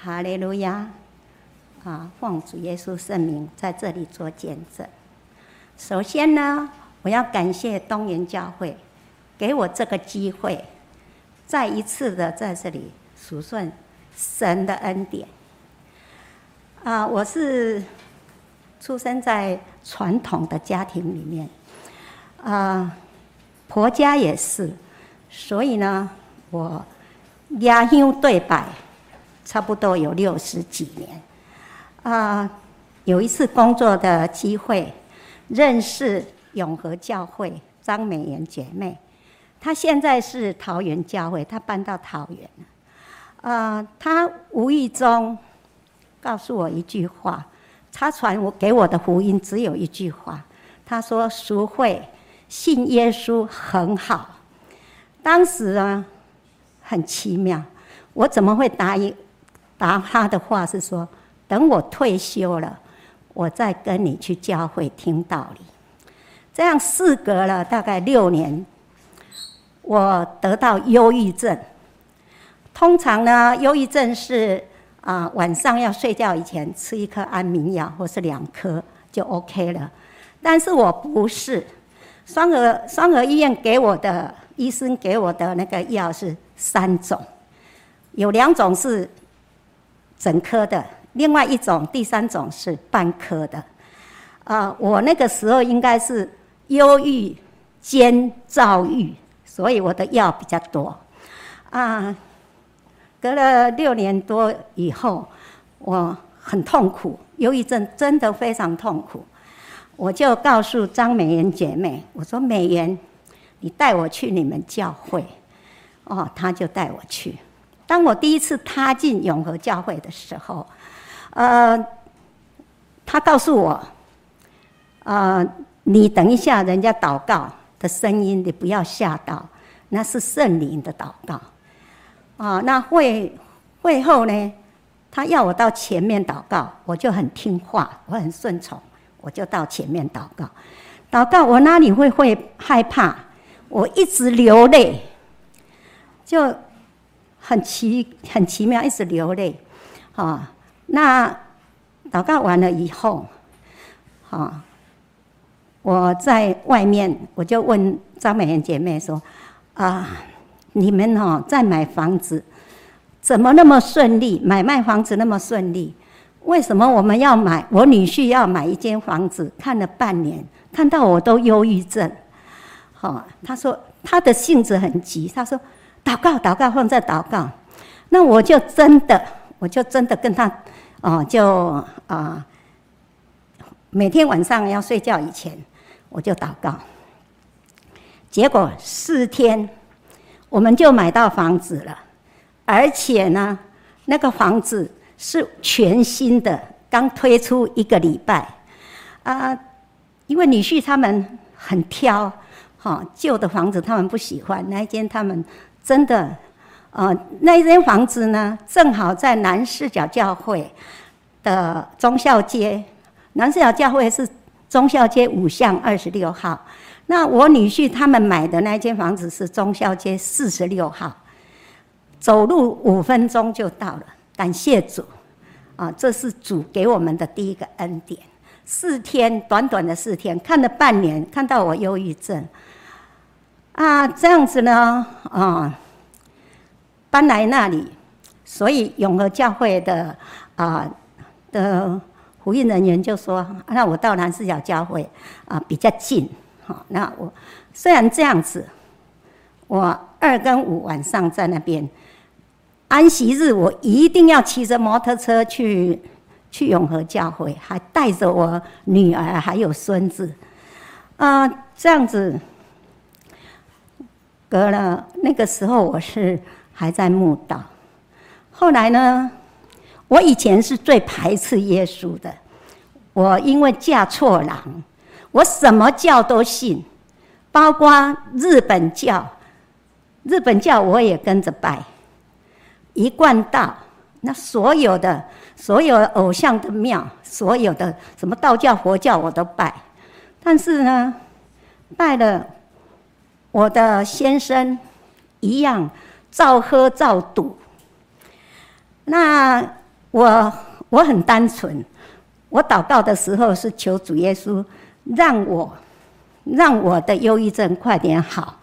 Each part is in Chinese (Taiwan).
哈利路亞！啊，奉主耶穌聖名，在這裡做見證。首先呢，我要感謝東雲教會，給我這個機會，再一次的在這裡數算神的恩典。啊、呃，我是出生在傳統的家庭裡面，啊、呃，婆家也是，所以呢，我壓鄉對白。差不多有六十幾年，啊、呃，有一次工作的機會，認識永和教會張美妍姐妹，她現在是桃園教會，她搬到桃園了。啊、呃，她無意中告訴我一句話，她傳我給我的福音只有一句話，她說：“淑惠，信耶穌很好。”當時呢，很奇妙，我怎麼會答應？答他的話是說：“等我退休了，我再跟你去教會聽道理。”這樣事隔了大概六年，我得到憂鬱症。通常呢，憂鬱症是啊、呃，晚上要睡覺以前吃一顆安眠藥或是兩顆就 OK 了。但是我不是，雙和雙和醫院給我的醫生給我的那個藥是三種，有兩種是。整顆的，另外一種，第三種是半顆的。啊、呃，我那個時候應該是憂鬱兼躁鬱，所以我的藥比較多。啊、呃，隔了六年多以後，我很痛苦，憂鬱症真的非常痛苦。我就告訴張美妍姐妹，我說：“美妍，你帶我去你們教會。”哦，她就帶我去。當我第一次踏進永和教會的時候，呃，他告訴我，呃，你等一下，人家禱告的聲音，你不要嚇到，那是聖靈的禱告。啊、呃，那會會後呢，他要我到前面禱告，我就很聽話，我很順從，我就到前面禱告。禱告我哪裡會會害怕？我一直流淚，就。很奇，很奇妙，一直流淚。哈、哦，那禱告完了以後，哈、哦，我在外面我就問張美妍姐妹說：“啊，你們哦在買房子怎麼那麼順利？買賣房子那麼順利？為什麼我們要買？我女婿要買一間房子，看了半年，看到我都憂鬱症。哈、哦，他說他的性子很急，他說。”禱告，禱告，放在禱告。那我就真的，我就真的跟他，哦、呃，就啊、呃，每天晚上要睡覺以前，我就禱告。結果四天，我們就買到房子了，而且呢，那個房子是全新的，剛推出一個禮拜啊。因為女婿他們很挑，哈、哦，舊的房子他們不喜歡，那一間他們。真的，呃，那一間房子呢，正好在南勢角教會的忠孝街。南勢角教會是忠孝街五巷二十六號。那我女婿他們買的那間房子是忠孝街四十六號，走路五分鐘就到了。感謝主，啊、呃，這是主給我們的第一個恩典。四天，短短的四天，看了半年，看到我憂鬱症。啊，這樣子呢，啊，搬來那裡，所以永和教會的啊的福音人員就說，啊：“那我到南四角教會啊比較近，啊。”好，那我雖然這樣子，我二跟五晚上在那邊安息日，我一定要騎着摩托車去去永和教會，還帶着我女兒還有孫子啊，這樣子。隔了那個時候，我是還在慕道。後來呢，我以前是最排斥耶穌的。我因為嫁錯郎，我什麼教都信，包括日本教，日本教我也跟着拜。一貫道，那所有的、所有的偶像的廟，所有的什麼道教、佛教我都拜。但是呢，拜了。我的先生一樣，照喝照賭。那我我很單純，我禱告的時候是求主耶穌讓我讓我的憂鬱症快點好，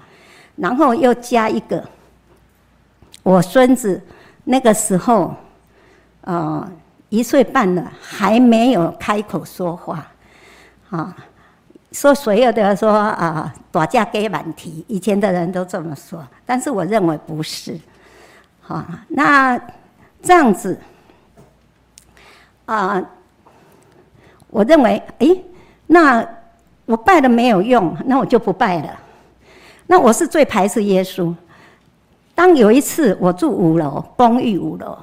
然後又加一個，我孫子那個時候呃一歲半了，還沒有開口說話啊。說所有的要說啊，打、呃、架給板踢，以前的人都這麼說，但是我認為不是。好、啊，那這樣子啊、呃，我認為，哎，那我拜了沒有用，那我就不拜了。那我是最排斥耶穌。當有一次我住五樓公寓五樓，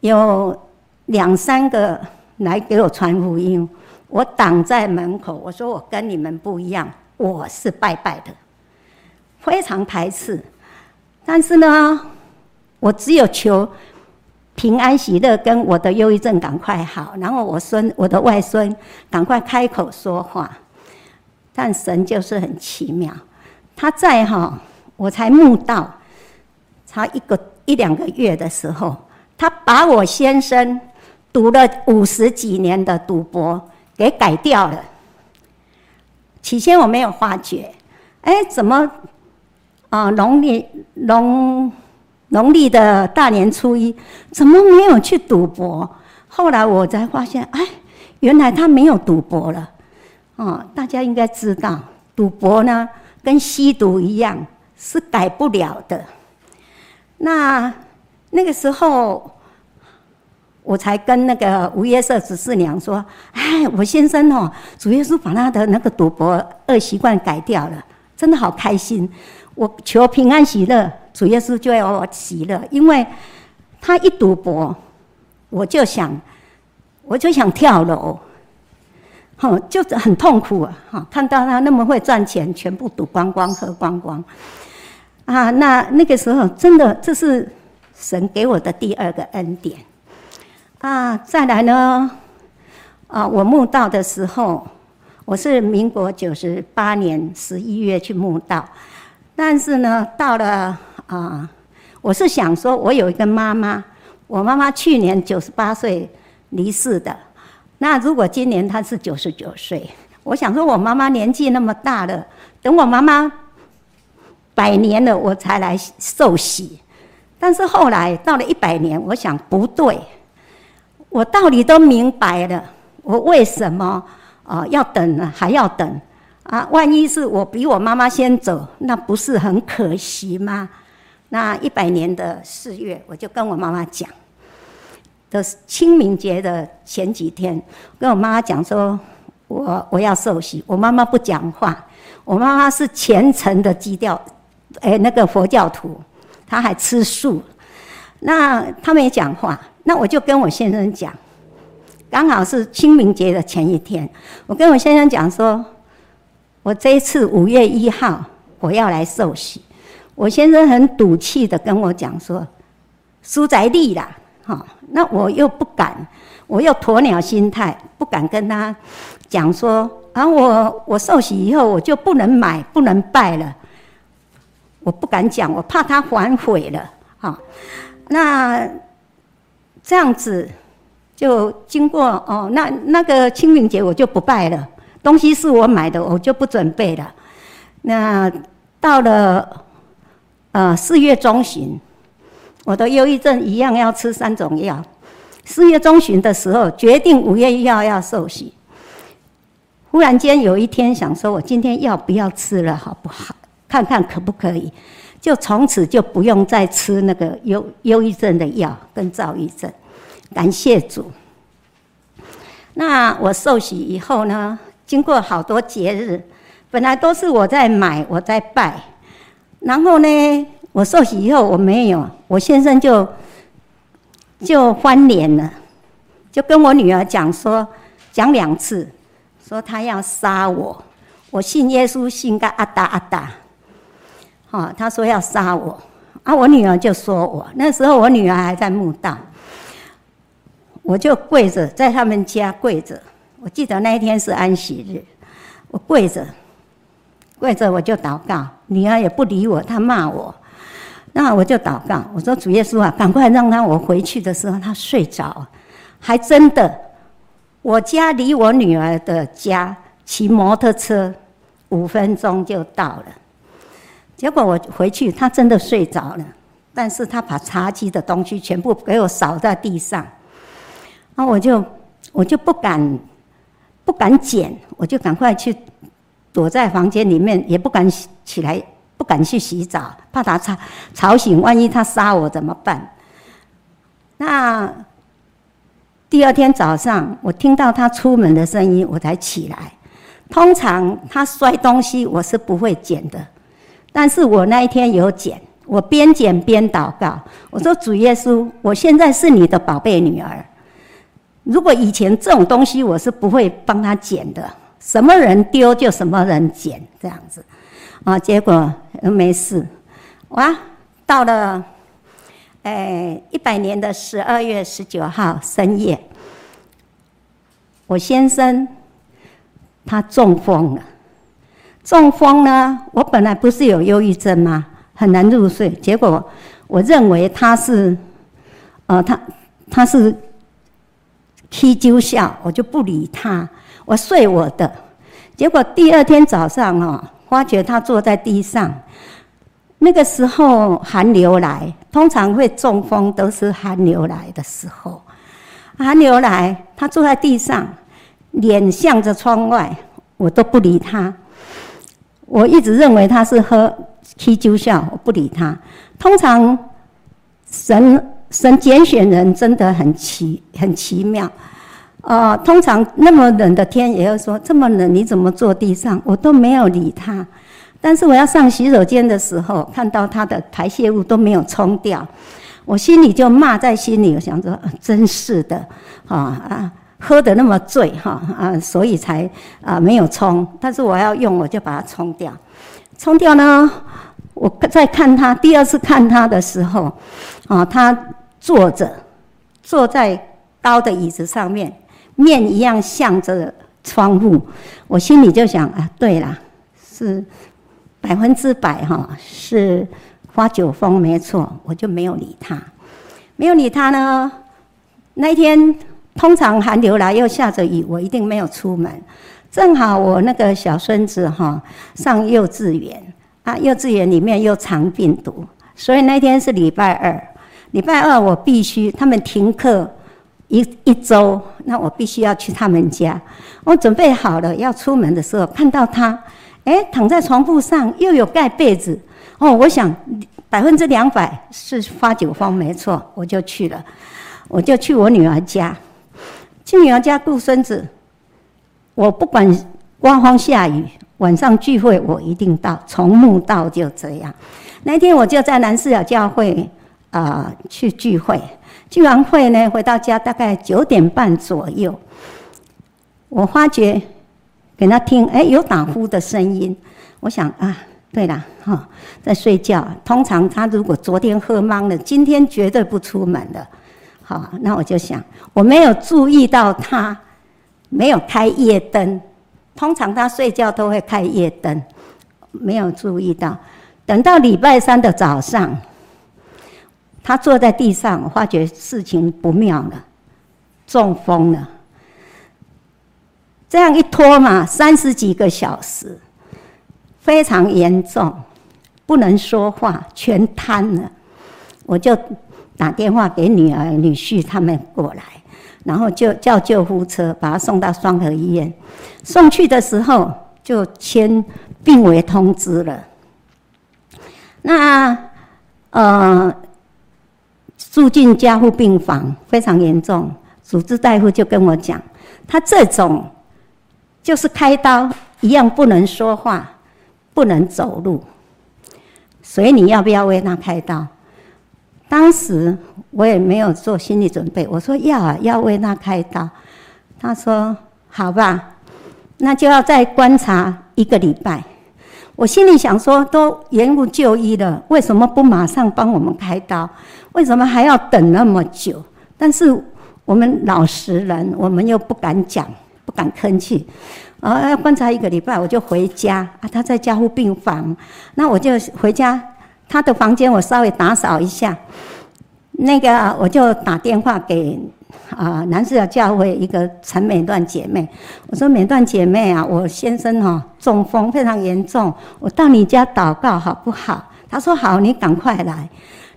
有兩三個來給我傳福音。我擋在門口，我說我跟你們不一樣，我是拜拜的，非常排斥。但是呢，我只有求平安喜樂，跟我的憂鬱症趕快好，然後我孫，我的外孫趕快開口說話。但神就是很奇妙，他在哈，我才悟到，差一個一兩個月的時候，他把我先生讀了五十幾年的賭博給改掉了。起先我沒有發覺，哎，怎麼啊，哦，農曆農、農曆的大年初一怎麼沒有去賭博？後來我才發現，哎，原來他沒有賭博了。哦，大家應該知道，賭博呢跟吸毒一樣是改不了的。那那個時候。我才跟那個吳月社十四娘說：“哎，我先生哦，主耶穌把他的那個賭博惡習慣改掉了，真的好開心。我求平安喜樂，主耶穌就要我喜樂，因為他一賭博，我就想，我就想跳樓，哈、哦，就很痛苦啊！哈、哦，看到他那麼會賺錢，全部賭光光，喝光光，啊，那那個時候真的，這是神給我的第二個恩典。”啊，再來呢？啊，我慕道的時候，我是民國九十八年十一月去慕道，但是呢，到了啊，我是想說，我有一個媽媽，我媽媽去年九十八歲離世的。那如果今年她是九十九歲，我想說我媽媽年紀那麼大了，等我媽媽百年了，我才來受洗。但是後來到了一百年，我想不對。我道理都明白了，我為什麼啊、呃、要等呢？還要等啊？萬一是我比我媽媽先走，那不是很可惜嗎？那一百年的四月，我就跟我媽媽講的，清明節的前幾天，跟我媽媽講說，我、我要受洗。我媽媽不講話，我媽媽是虔誠的基調，哎，那個佛教徒，她還吃素，那她沒講話。那我就跟我先生講，剛好是清明節的前一天，我跟我先生講說，我這次五月一號我要來受洗。我先生很賭氣的跟我講說，隨在你啦，哈、哦，那我又不敢，我又鴕鳥、鳥心態，不敢跟他講說，啊我我受洗以後我就不能買不能拜了，我不敢講，我怕他反悔了，哈、哦，那。這樣子，就經過哦，那那個清明節我就不拜了，東西是我買的，我就不準備了。那到了呃四月中旬，我的憂鬱症一樣要吃三種藥。四月中旬的時候，決定五月一號要受洗。忽然間有一天想說，我今天藥不要吃了好不好？看看可不可以。就從此就不用再吃那個憂憂鬱症的藥跟躁鬱症，感謝主。那我受洗以後呢，經過好多節日，本來都是我在買，我在拜，然後呢，我受洗以後我沒有，我先生就就翻臉了，就跟我女兒講說，講兩次，說他要殺我，我信耶穌，信個阿達阿達。啊啊啊啊、哦，他說要殺我，啊，我女兒就說我那時候我女兒還在慕道，我就跪着在他們家跪着。我記得那一天是安息日，我跪着跪着我就禱告，女兒也不理我，她罵我。那我就禱告，我說主耶穌啊，趕快讓他我回去的時候他睡着，還真的，我家離我女兒的家騎摩托車五分鐘就到了。結果我回去，他真的睡着了，但是他把茶几的東西全部給我掃在地上，然後我就我就不敢不敢撿，我就趕快去躲在房間裡面，也不敢起來，不敢去洗澡，怕他吵吵醒，萬一他殺我怎麼辦？那第二天早上，我聽到他出門的聲音，我才起來。通常他摔東西，我是不會撿的。但是我那一天有撿，我邊撿邊禱告，我說主耶穌，我現在是你的寶貝女兒。如果以前這種東西，我是不會幫他撿的，什麼人丟就什麼人撿這樣子啊。結果，呃，沒事，哇！到了誒一百年的十二月十九號深夜，我先生他中風了。中風呢，我本來不是有憂鬱症嗎？很難入睡。結果我認為他是，呃，他他是踢揪下，我就不理他，我睡我的。結果第二天早上哦，發覺他坐在地上。那個時候寒流來，通常會中風，都是寒流來的時候。寒流來，他坐在地上，臉向着窗外，我都不理他。我一直認為他是喝啤酒下，我不理他。通常神神揀選人真的很奇很奇妙，呃，通常那麼冷的天也要說這麼冷，你怎麼坐地上？我都沒有理他。但是我要上洗手間的時候，看到他的排泄物都沒有沖掉，我心裡就罵在心裡，我想說，真是的，啊啊！喝得那麼醉哈啊，所以才啊沒有沖。但是我要用，我就把它沖掉。沖掉呢，我在看他第二次看他的時候，啊，他坐着坐在高的椅子上面，面一樣向着窗戶。我心裡就想啊，對啦，是百分之百哈，是發酒瘋，沒錯。我就沒有理他，沒有理他呢。那一天。通常寒流來又下着雨，我一定沒有出門。正好我那個小孫子哈、哦、上幼稚園啊，幼稚園裡面又藏病毒，所以那天是禮拜二，禮拜二我必須他們停課一一周，那我必須要去他們家。我準備好了要出門的時候，看到他誒躺在床鋪上又有蓋被子哦，我想百分之兩百是發酒瘋沒錯，我就去了，我就去我女兒家。女兒家顧孫子，我不管刮風下雨，晚上聚會我一定到，從不到就這樣。那一天我就在南勢角教會啊、呃、去聚會，聚完會呢回到家，大概九點半左右，我發覺給他聽，哎，有打呼的聲音，我想啊，對了，哈、哦，在睡覺。通常他如果昨天喝茫了，今天絕對不出門的。好，那我就想，我沒有注意到他沒有開夜燈，通常他睡覺都會開夜燈，沒有注意到。等到禮拜三的早上，他坐在地上，我發覺事情不妙了，中風了。這樣一拖嘛，三十幾個小時，非常嚴重，不能說話，全癱了。我就。打電話給女兒、女婿他們過來，然後就叫救護車把他送到雙和醫院。送去的時候就簽病危通知了。那呃住進加護病房，非常嚴重。主治大夫就跟我講，他這種就是開刀一樣，不能說話，不能走路，所以你要不要為他開刀？當時我也沒有做心理準備，我說要啊，要為他開刀，他說好吧，那就要再觀察一個禮拜。我心裡想說都延誤就醫了，為什麼不馬上幫我們開刀？為什麼還要等那麼久？但是我們老實人，我們又不敢講，不敢吭氣。啊，要觀察一個禮拜，我就回家啊，他在加護病房，那我就回家。他的房間我稍微打掃一下，那個我就打電話給啊南市教會一個陳美段姐妹，我說美段姐妹啊，我先生哈中風非常嚴重，我到你家禱告好不好？她說好，你趕快來。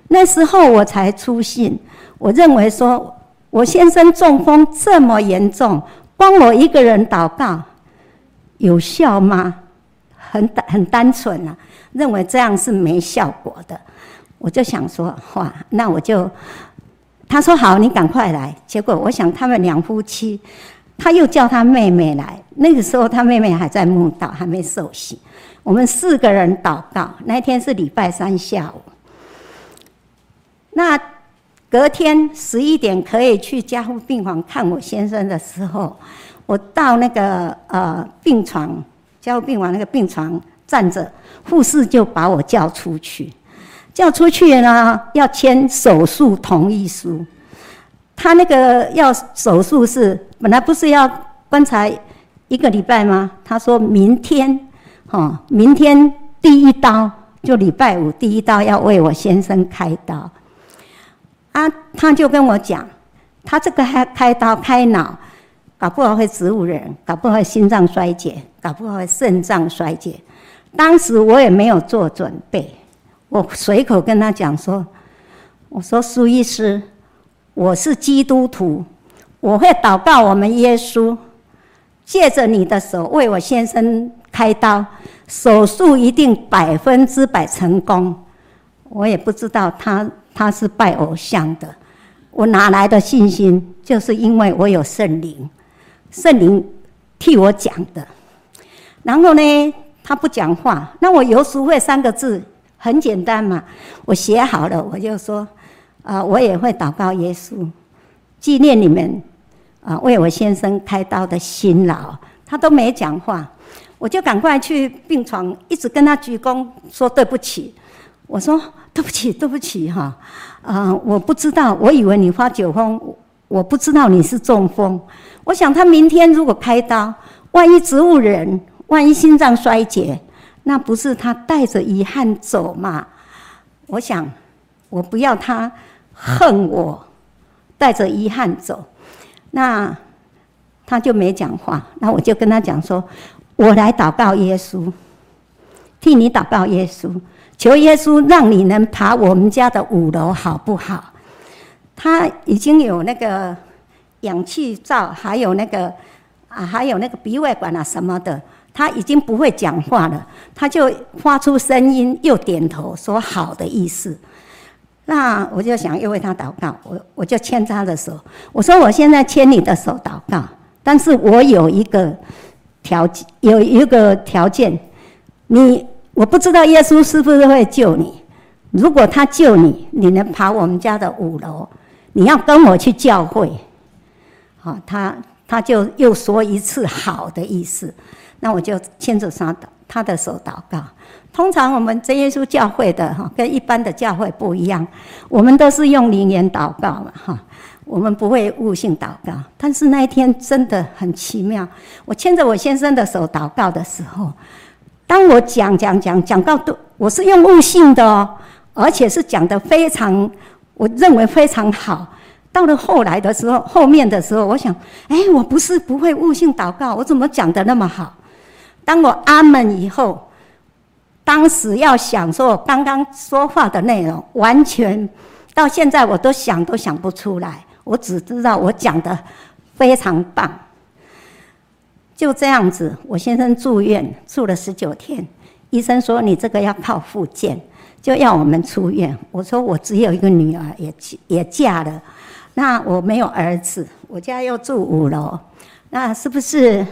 那時候我才初信，我認為說我先生中風這麼嚴重，光我一個人禱告有效嗎？很很單純啊。認為這樣是沒效果的，我就想說哇，那我就。他說好，你趕快來。結果我想他們兩夫妻，他又叫他妹妹來，那個時候他妹妹還在慕道，還沒受洗。我們四個人禱告，那天是禮拜三下午。那隔天十一點可以去加護病房看我先生的時候，我到那個呃病床，加護病房那個病床，站着，護士就把我叫出去，叫出去呢，要簽手術同意書。他那個要手術是本來不是要觀察一個禮拜嗎？他說明天，哦，明天第一刀，就禮拜五第一刀要為我先生開刀。啊，他就跟我講，他這個開刀，開刀開腦，搞不好會植物人，搞不好會心臟衰竭，搞不好會腎臟衰竭。當時我也沒有做準備，我隨口跟他講說：“我說蘇醫師，我是基督徒，我會禱告我們耶穌，借着你的手為我先生開刀，手術一定百分之百成功。我也不知道他他是拜偶像的，我哪來的信心？就是因為我有聖靈，聖靈替我講的。然後呢，”他不講話，那我“游淑惠”三個字很簡單嘛，我寫好了，我就說，啊、呃，我也會禱告耶穌，紀念你們，啊、呃，為我先生開刀的辛勞，他都沒講話，我就趕快去病床，一直跟他鞠躬說對不起，我說對不起，對不起哈，啊、哦呃，我不知道，我以為你發酒瘋，我不知道你是中風，我想他明天如果開刀，萬一植物人。萬一心臟衰竭，那不是他帶着遺憾走嘛？我想，我不要他恨我，啊、帶着遺憾走。那他就沒講話。那我就跟他講說：“我來禱告耶穌，替你禱告耶穌，求耶穌讓你能爬我們家的五樓，好不好？”他已經有那個氧氣罩，還有那個啊，還有那個鼻胃管啊什麼的。他已經不會講話了，他就發出聲音，又點頭說“好的”意思。那我就想要為他禱告，我我就牽他的手，我說：“我現在牽你的手禱告，但是我有一個條件，有一個條件，你我不知道耶穌是不是會救你。如果他救你，你能爬我們家的五樓，你要跟我去教會。”哦，好，他他就又說一次“好的”意思。那我就牽着他的他的手禱告。通常我們真耶穌教會的哈，跟一般的教會不一樣，我們都是用靈言禱告嘛哈。我們不會悟性禱告，但是那一天真的很奇妙。我牽着我先生的手禱告的時候，當我講講講講到都，我是用悟性的哦，而且是講得非常，我認為非常好。到了後來的時候，後面的時候，我想，哎，我不是不會悟性禱告，我怎麼講得那麼好？當我阿門以後，當時要想說我剛剛說話的內容，完全到現在我都想都想不出來。我只知道我講的非常棒，就這樣子。我先生住院住了十九天，醫生說你這個要靠復健，就要我們出院。我說我只有一個女兒也，也也嫁了，那我沒有兒子，我家又住五樓，那是不是？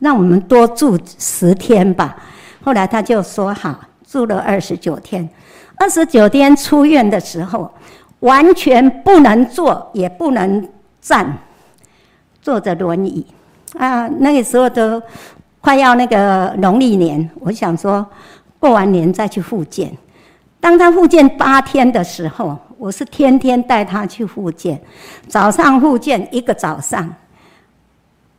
讓我們多住十天吧。後來他就說好，住了二十九天。二十九天出院的時候，完全不能坐，也不能站，坐着輪椅。啊，那個時候都快要那個農曆年，我想說過完年再去復健。當他復健八天的時候，我是天天帶他去復健，早上復健一個早上，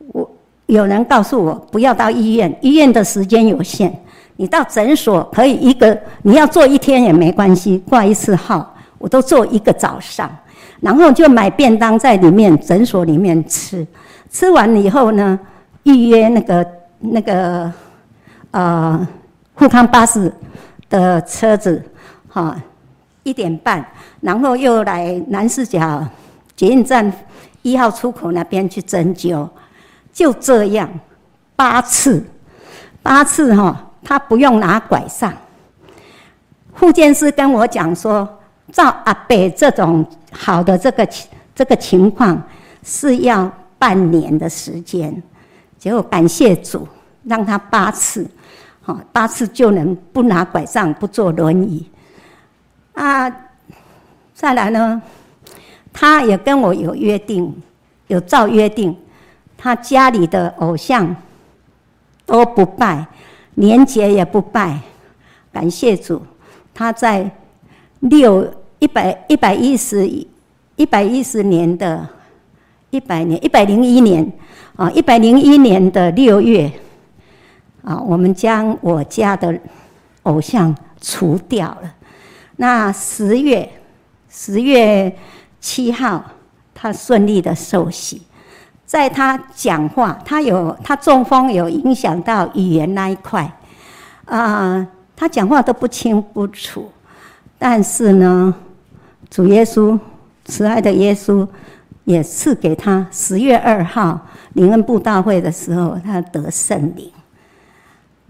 我。有人告訴我不要到醫院，醫院的時間有限。你到診所可以一個，你要坐一天也沒關係，掛一次號，我都坐一個早上，然後就買便當在裡面診所裡面吃。吃完以後呢，預約那個那個呃復康巴士的車子，哈，一點半，然後又來南勢角捷運站一號出口那邊去針灸。就這樣，八次，八次哈、哦，他不用拿拐杖。復健師跟我講說，照阿伯這種好的這個這個情況是要半年的時間。結果感謝主，讓他八次，好八次就能不拿拐杖，不坐輪椅。啊，再來呢，他也跟我有約定，有照約定。他家裡的偶像都不拜，年節也不拜，感謝主，他在六一百一百一十一一百一十年的一百年一百零一年啊，一百零一年的六月啊，我們將我家的偶像除掉了。那十月十月七號，他順利的受洗。在他講話，他有他中風，有影響到語言那一塊，啊、呃，他講話都不清不楚。但是呢，主耶穌慈愛的耶穌也賜給他十月二號靈恩佈道會的時候，他得聖靈。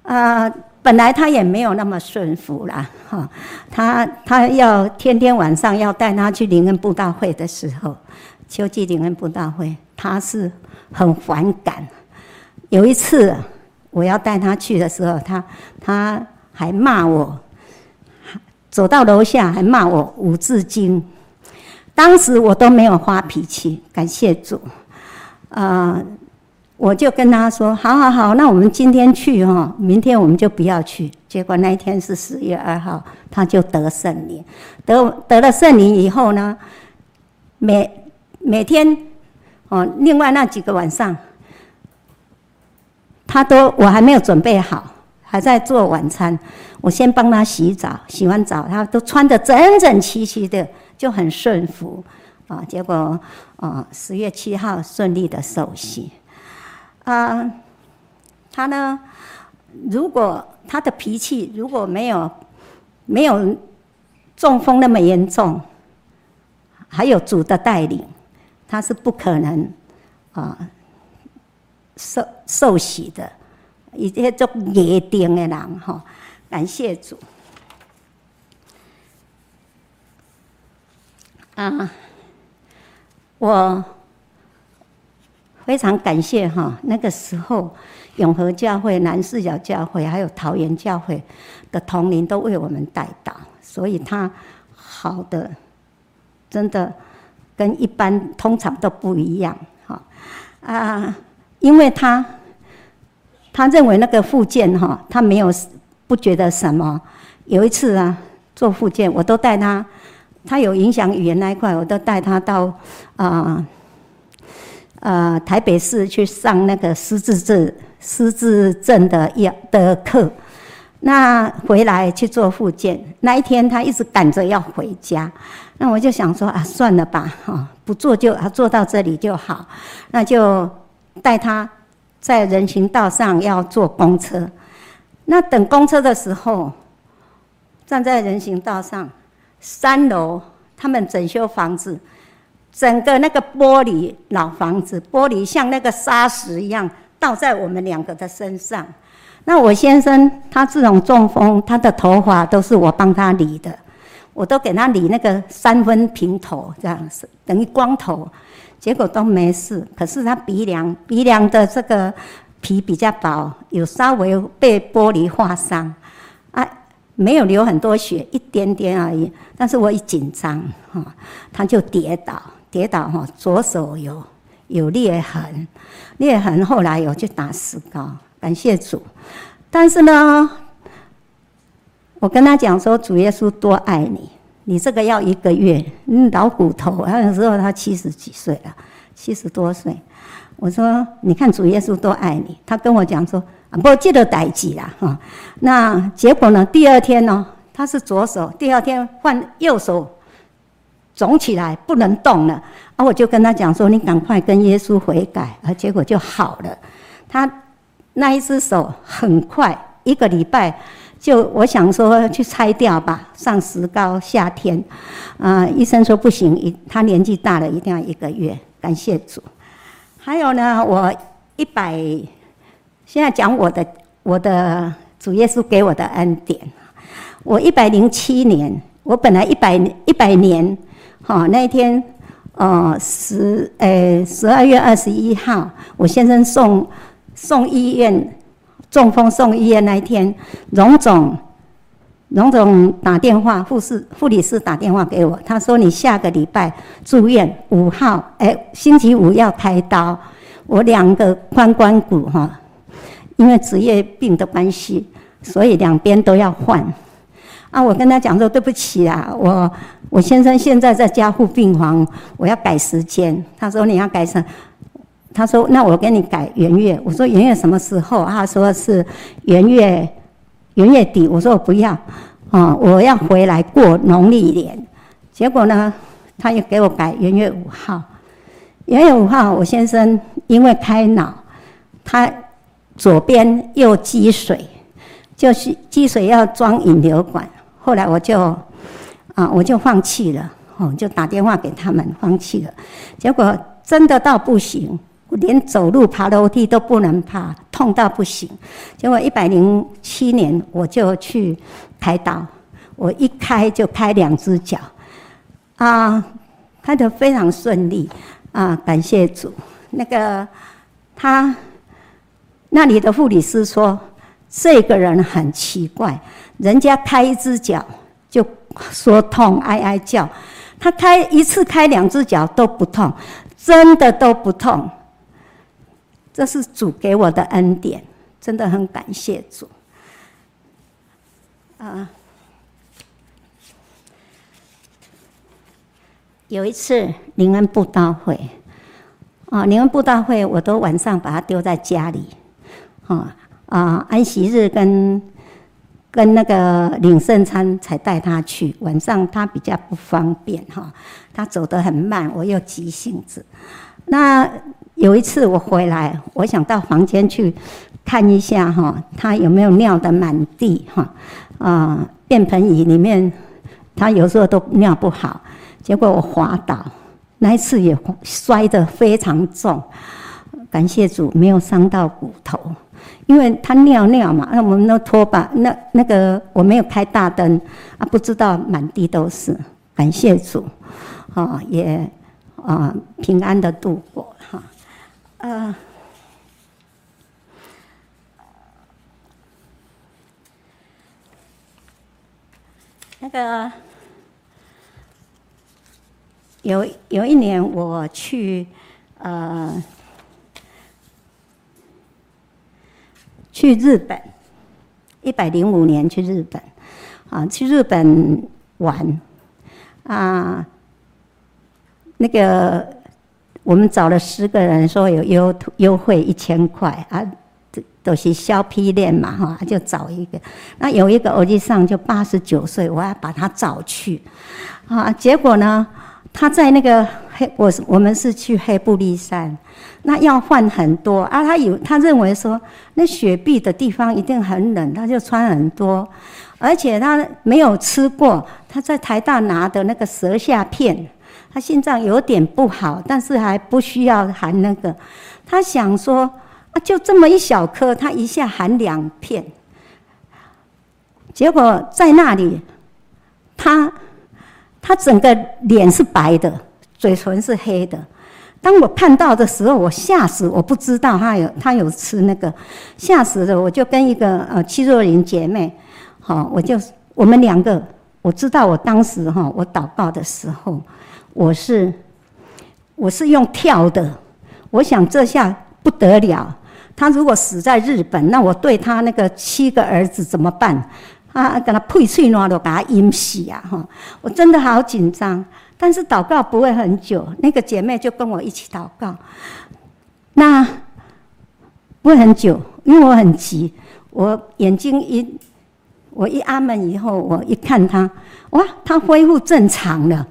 啊、呃，本來他也沒有那麼順服啦，哈、哦，他他要天天晚上要帶他去靈恩佈道會的時候。秋季靈恩佈大會，他是很反感。有一次我要帶他去的時候，他他還罵我，走到樓下還罵我五字經。當時我都沒有發脾氣，感謝主。啊、呃，我就跟他說：“好好好，那我們今天去哈、哦，明天我們就不要去。”結果那一天是十月二號，他就得聖靈，得得了聖靈以後呢，沒。每天，哦，另外那幾個晚上，他都我還沒有準備好，還在做晚餐。我先幫他洗澡，洗完澡他都穿得整整齊齊的，就很順服。啊、哦，結果啊，哦，十月七號順利的受洗。啊、呃，他呢，如果他的脾氣如果沒有沒有中風那麼嚴重，還有主的帶領。他是不可能啊受受洗的，一些做野定的人哈，感謝主啊！我非常感謝哈，那個時候永和教會、南四角教會還有桃園教會的同靈都為我們代禱，所以他好的真的。跟一般通常都不一樣，哈啊，因為他他認為那個復健哈，他沒有不覺得什麼。有一次啊，做復健我都帶他，他有影響語言那一塊，我都帶他到啊啊、呃呃、台北市去上那個私自制私自證的養的課。那回來去做復健，那一天他一直趕着要回家，那我就想說啊，算了吧，哈，不做就啊做到這裡就好，那就帶他在人行道上要坐公車，那等公車的時候，站在人行道上，三樓他們整修房子，整個那個玻璃老房子玻璃像那個沙石一樣倒在我們兩個的身上。那我先生他這種中風，他的頭髮都是我幫他理的，我都給他理那個三分平頭這樣子，等於光頭，結果都沒事。可是他鼻梁鼻梁的這個皮比較薄，有稍微被玻璃劃傷，啊，沒有流很多血，一點點而已。但是我一緊張哈，他就跌倒，跌倒哈，左手有有裂痕，裂痕後來有去打石膏。感謝主，但是呢，我跟他講說，主耶穌多愛你，你這個要一個月、嗯、老骨頭，他那時候他七十幾歲了，七十多歲，我說你看主耶穌多愛你，他跟我講說不記得搗幾了哈，那結果呢，第二天呢、哦，他是左手，第二天換右手腫起來不能動了，啊，我就跟他講說你趕快跟耶穌悔改，而、啊、結果就好了，他。那一隻手很快，一個禮拜就我想說去拆掉吧，上石膏夏天，啊、呃，醫生說不行，一他年紀大了，一定要一個月。感謝主。還有呢，我一百，現在講我的我的主耶穌給我的恩典，我一百零七年，我本來一百一百年，好，哦，那一天，呃十呃十二月二十一號，我先生送。送醫院，中風送醫院那一天，榮總，榮總打電話，護士，護理師打電話給我，他說：“你下個禮拜住院五號，哎、欸，星期五要開刀，我兩個髖關骨哈，因為職業病的關係，所以兩邊都要換。”啊，我跟他講說：“對不起啊，我我先生現在在加護病房，我要改時間。”他說：“你要改成。”他說：“那我給你改元月。”我說：“元月什麼時候？”他說：“是元月元月底。”我說：“我不要，啊、嗯，我要回來過農曆年。”結果呢，他又給我改元月五號。元月五號，我先生因為開腦，他左邊又積水，就是積水要裝引流管。後來我就啊，我就放棄了，我、嗯、就打電話給他們放棄了。結果真的到不行。我連走路、爬樓梯都不能爬，痛到不行。結果一百零七年，我就去開刀，我一開就開兩隻腳，啊、呃，開得非常順利，啊、呃，感謝主。那個他那裡的護理師說，這個人很奇怪，人家開一隻腳就說痛，哀哀叫；他開一次開兩隻腳都不痛，真的都不痛。這是主給我的恩典，真的很感謝主。啊，有一次靈恩布道會，啊，靈恩布道會我都晚上把他丟在家裡，啊啊，安息日跟跟那個領聖餐才帶他去，晚上他比較不方便哈、啊，他走得很慢，我又急性子，那。有一次我回來，我想到房間去看一下哈，他有沒有尿得滿地哈啊、呃、便盆椅裡面，他有時候都尿不好，結果我滑倒，那一次也摔得非常重，感謝主沒有傷到骨頭，因為他尿尿嘛，那我們那拖把那那個我沒有開大燈啊，不知道滿地都是，感謝主啊，也啊、呃、平安的度過。呃，那個有有一年我去呃去日本，一百零五年去日本啊，去日本玩啊，那個。我們找了十個人，說有優優惠一千塊啊，都、就、都是消批練嘛哈、啊，就找一個。那有一個歐弟上就八十九歲，我要把他找去，啊，結果呢，他在那個黑，我我們是去黑布利山，那要換很多啊。他有他認為說，那雪地的地方一定很冷，他就穿很多，而且他沒有吃過，他在台大拿的那個舌下片。他心臟有點不好，但是還不需要含那個。他想說，啊就這麼一小顆，他一下含兩片。結果在那裡，他他整個臉是白的，嘴唇是黑的。當我看到的時候，我嚇死！我不知道他有他有吃那個，嚇死了！我就跟一個呃七若琳姐妹，好，我就我們兩個，我知道我當時哈，我禱告的時候。我是我是用跳的，我想這下不得了。他如果死在日本，那我對他那個七個兒子怎麼辦？啊，給他配翠暖的，給他陰死啊哈，我真的好緊張。但是禱告不會很久，那個姐妹就跟我一起禱告。那不會很久，因為我很急。我眼睛一，我一阿們以後，我一看他，哇，他恢復正常了。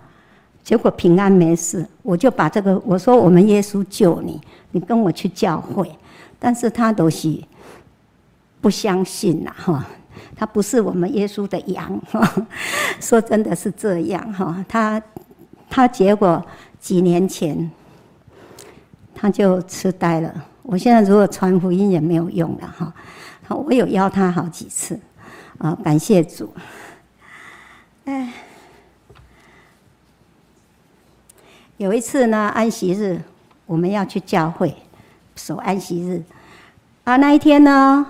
結果平安沒事，我就把這個，我說我們耶穌救你，你跟我去教會，但是他都是不相信了哈、哦，他不是我們耶穌的羊，哦、說真的是這樣哈、哦，他他結果幾年前他就痴呆了，我現在如果傳福音也沒有用了哈、哦，我有邀他好幾次，啊、哦、感謝主，哎有一次呢，安息日我們要去教會守安息日，啊，那一天呢，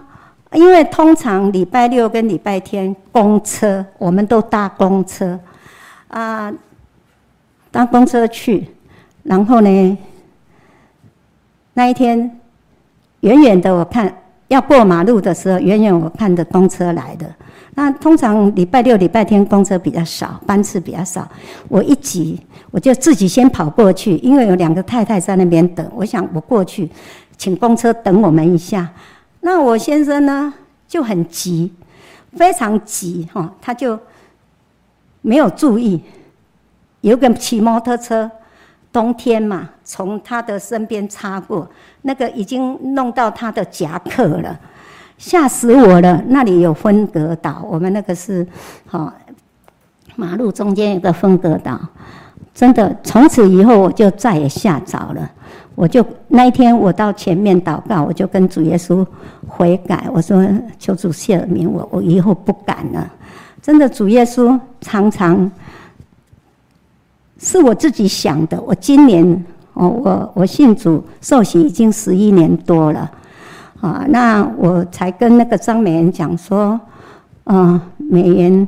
因為通常禮拜六跟禮拜天公車我們都搭公車，啊，搭公車去，然後呢，那一天遠遠的我看要過馬路的時候，遠遠我看着公車來的。那通常禮拜六、禮拜天公車比較少，班次比較少。我一急，我就自己先跑過去，因為有兩個太太在那邊等。我想我過去，請公車等我們一下。那我先生呢，就很急，非常急哈、哦，他就沒有注意，有個騎摩托車，冬天嘛，從他的身邊擦過，那個已經弄到他的夾克了。嚇死我了！那裡有分隔島，我們那個是好馬路中間有個分隔島，真的，從此以後我就再也嚇着了。我就那一天我到前面禱告，我就跟主耶穌悔改，我說求主赦免我，我以後不敢了。真的，主耶穌常常是我自己想的。我今年哦，我我信主受洗已經十一年多了。啊，那我才跟那個張美妍講說，啊、呃，美妍，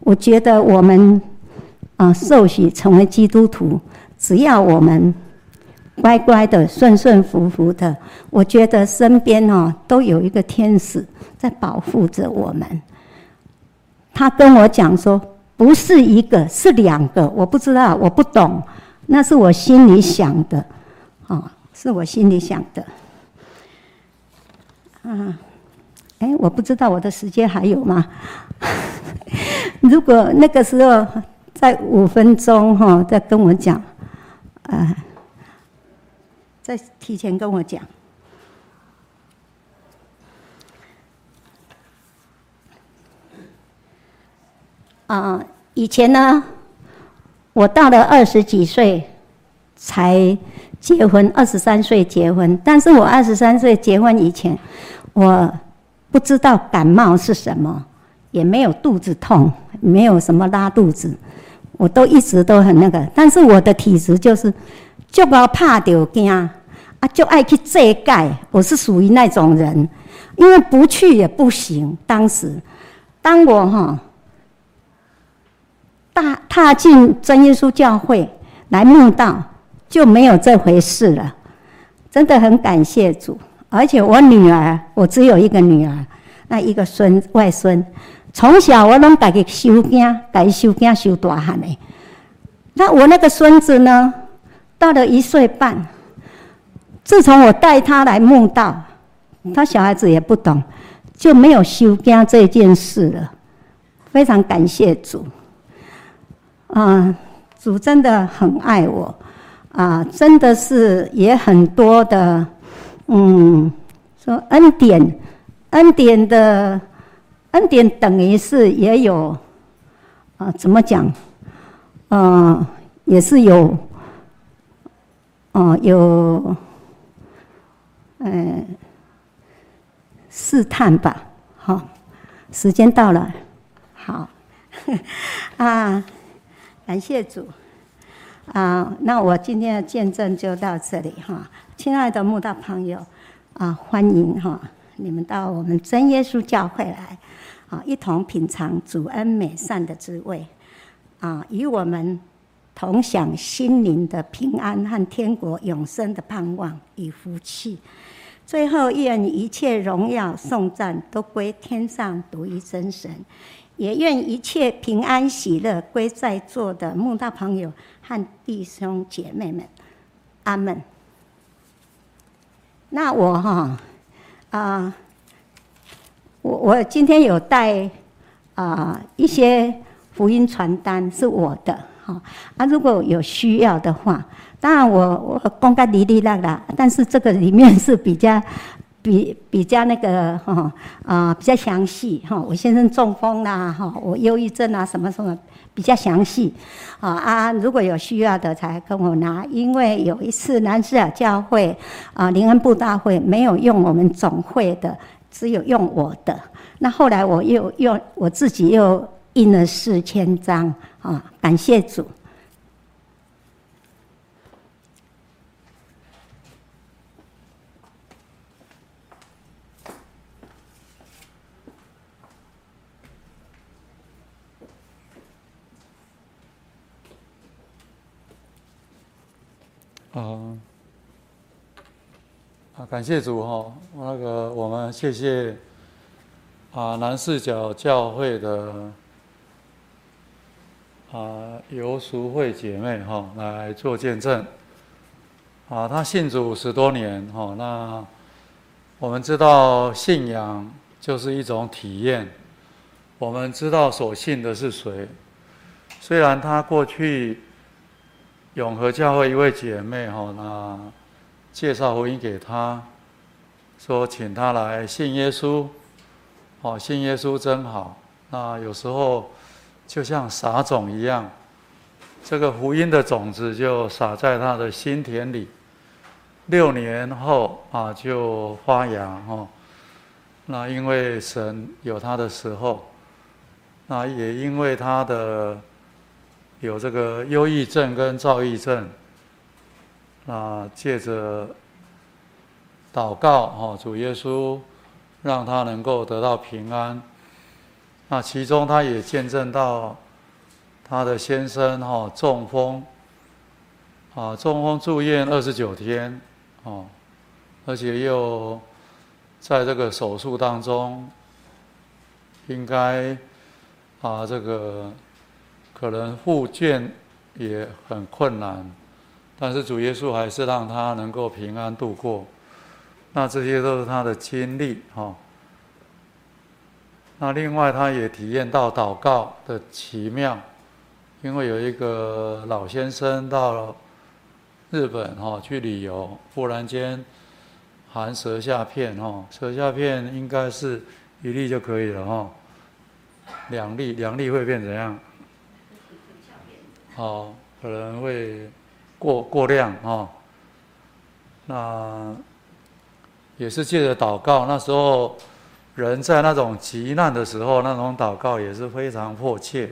我覺得我們啊、呃，受洗成為基督徒，只要我們乖乖的、順順服服的，我覺得身邊哦都有一個天使在保護着我們。他跟我講說，不是一個，是兩個，我不知道，我不懂，那是我心裡想的，啊、哦，是我心裡想的。啊，哎，我不知道我的時間還有嗎？ 如果那個時候在五分鐘哈、哦，再跟我講，啊，再提前跟我講。啊、呃，以前呢，我到了二十幾歲才結婚，二十三歲結婚，但是我二十三歲結婚以前。我不知道感冒是什麼，也沒有肚子痛，沒有什麼拉肚子，我都一直都很那個。但是我的體質就是，就不要怕丟家，啊，就愛去遮蓋。我是屬於那種人，因為不去也不行。當時，當我哈，大、哦、踏進真耶穌教會來慕道，就沒有這回事了。真的很感謝主。而且我女兒，我只有一個女兒，那一個孫外孫，從小我能改給修家，改修家修大漢的。那我那個孫子呢，到了一歲半，自從我帶他來慕道，他小孩子也不懂，就沒有修家這件事了。非常感謝主，啊、呃，主真的很愛我，啊、呃，真的是也很多的。嗯，說恩典，恩典的恩典等於是也有啊、呃，怎麼講？呃，也是有，哦，有，嗯，試探吧。好、哦，時間到了，好， 啊，感謝主，啊，那我今天的見證就到這裡哈。親愛的慕道朋友，啊，歡迎哈！你們到我們真耶穌教會來，啊，一同品嘗主恩美善的滋味，啊，與我們同享心靈的平安和天國永生的盼望與福氣。最後，願一切榮耀頌讚都歸天上獨一真神，也願一切平安喜樂歸在座的慕道朋友和弟兄姐妹們。阿門。那我哈啊，我我今天有帶啊一些福音傳單，是我的哈啊，如果有需要的話，當然我我公開的立讓啦，但是這個裡面是比較比比較那個哈啊，啊比較詳細哈，我先生中風啦、啊、哈，我憂鬱症啊什麼什麼。什麼比較詳細，啊，如果有需要的才跟我拿，因為有一次南斯爾教會啊，靈恩佈大會沒有用我們總會的，只有用我的，那後來我又用我自己又印了四千張啊，感謝主。嗯，啊，感謝主哈、哦，那個我們謝謝啊南四角教會的啊游淑惠姐妹哈、哦、來做見證，啊，她信主十多年哈、哦，那我們知道信仰就是一種體驗，我們知道所信的是誰，雖然她過去。永和教會一位姐妹哈，那介紹福音給他，說請他來信耶穌，哦，信耶穌真好。那有時候就像撒種一樣，這個福音的種子就撒在他的心田裡，六年後啊就發芽哦。那因為神有他的時候，那也因為他的。有這個憂鬱症跟躁鬱症，那借着禱告，哈、哦，主耶穌讓他能夠得到平安。那其中他也見證到他的先生，哈、哦，中風，啊，中風住院二十九天，哦，而且又在這個手術當中，應該，啊，這個。可能復健也很困難，但是主耶穌還是讓他能夠平安度過。那這些都是他的經歷，哈。那另外，他也體驗到禱告的奇妙，因為有一個老先生到了日本，哈，去旅遊，忽然間含舌下片，哈，舌下片應該是一粒就可以了，哈，兩粒，兩粒會變怎樣？好、哦，可能會過過量啊、哦。那也是借着禱告，那時候人在那種急難的時候，那種禱告也是非常迫切。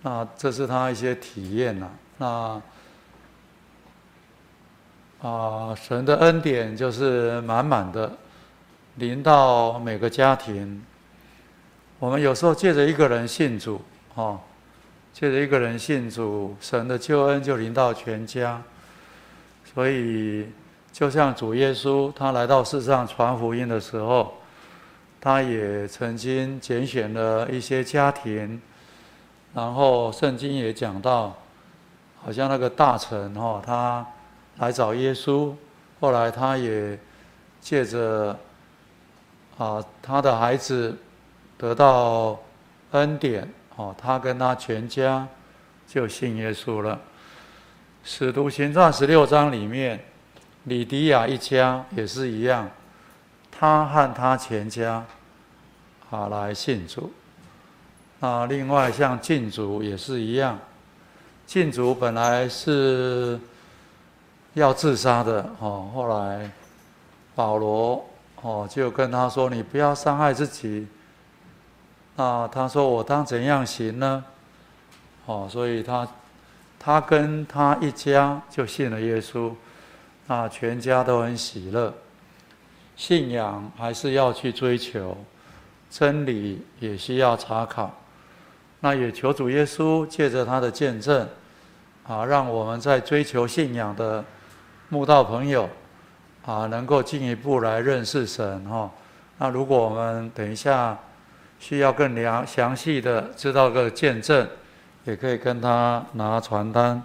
那這是他一些體驗吶、啊。那啊、呃，神的恩典就是滿滿的，臨到每個家庭。我們有時候借着一個人信主，哈、哦。借着一個人信主，神的救恩就臨到全家。所以，就像主耶穌他來到世上傳福音的時候，他也曾經揀選了一些家庭。然後，聖經也講到，好像那個大臣哈、哦，他來找耶穌，後來他也借着啊，他的孩子得到恩典。哦，他跟他全家就信耶穌了。使徒行傳十六章裡面，李迪亞一家也是一樣，他和他全家啊來信主。那另外像禁卒也是一樣，禁卒本來是要自殺的，哦，後來保羅哦就跟他說：“你不要傷害自己。”那、啊、他說：“我當怎樣行呢？”哦，所以他，他跟他一家就信了耶穌，那全家都很喜樂。信仰還是要去追求，真理也需要查考。那也求主耶穌借着他的見證，啊，讓我們在追求信仰的慕道朋友，啊，能夠進一步來認識神。哈、哦，那如果我們等一下。需要更良詳細的知道個見證，也可以跟他拿傳單。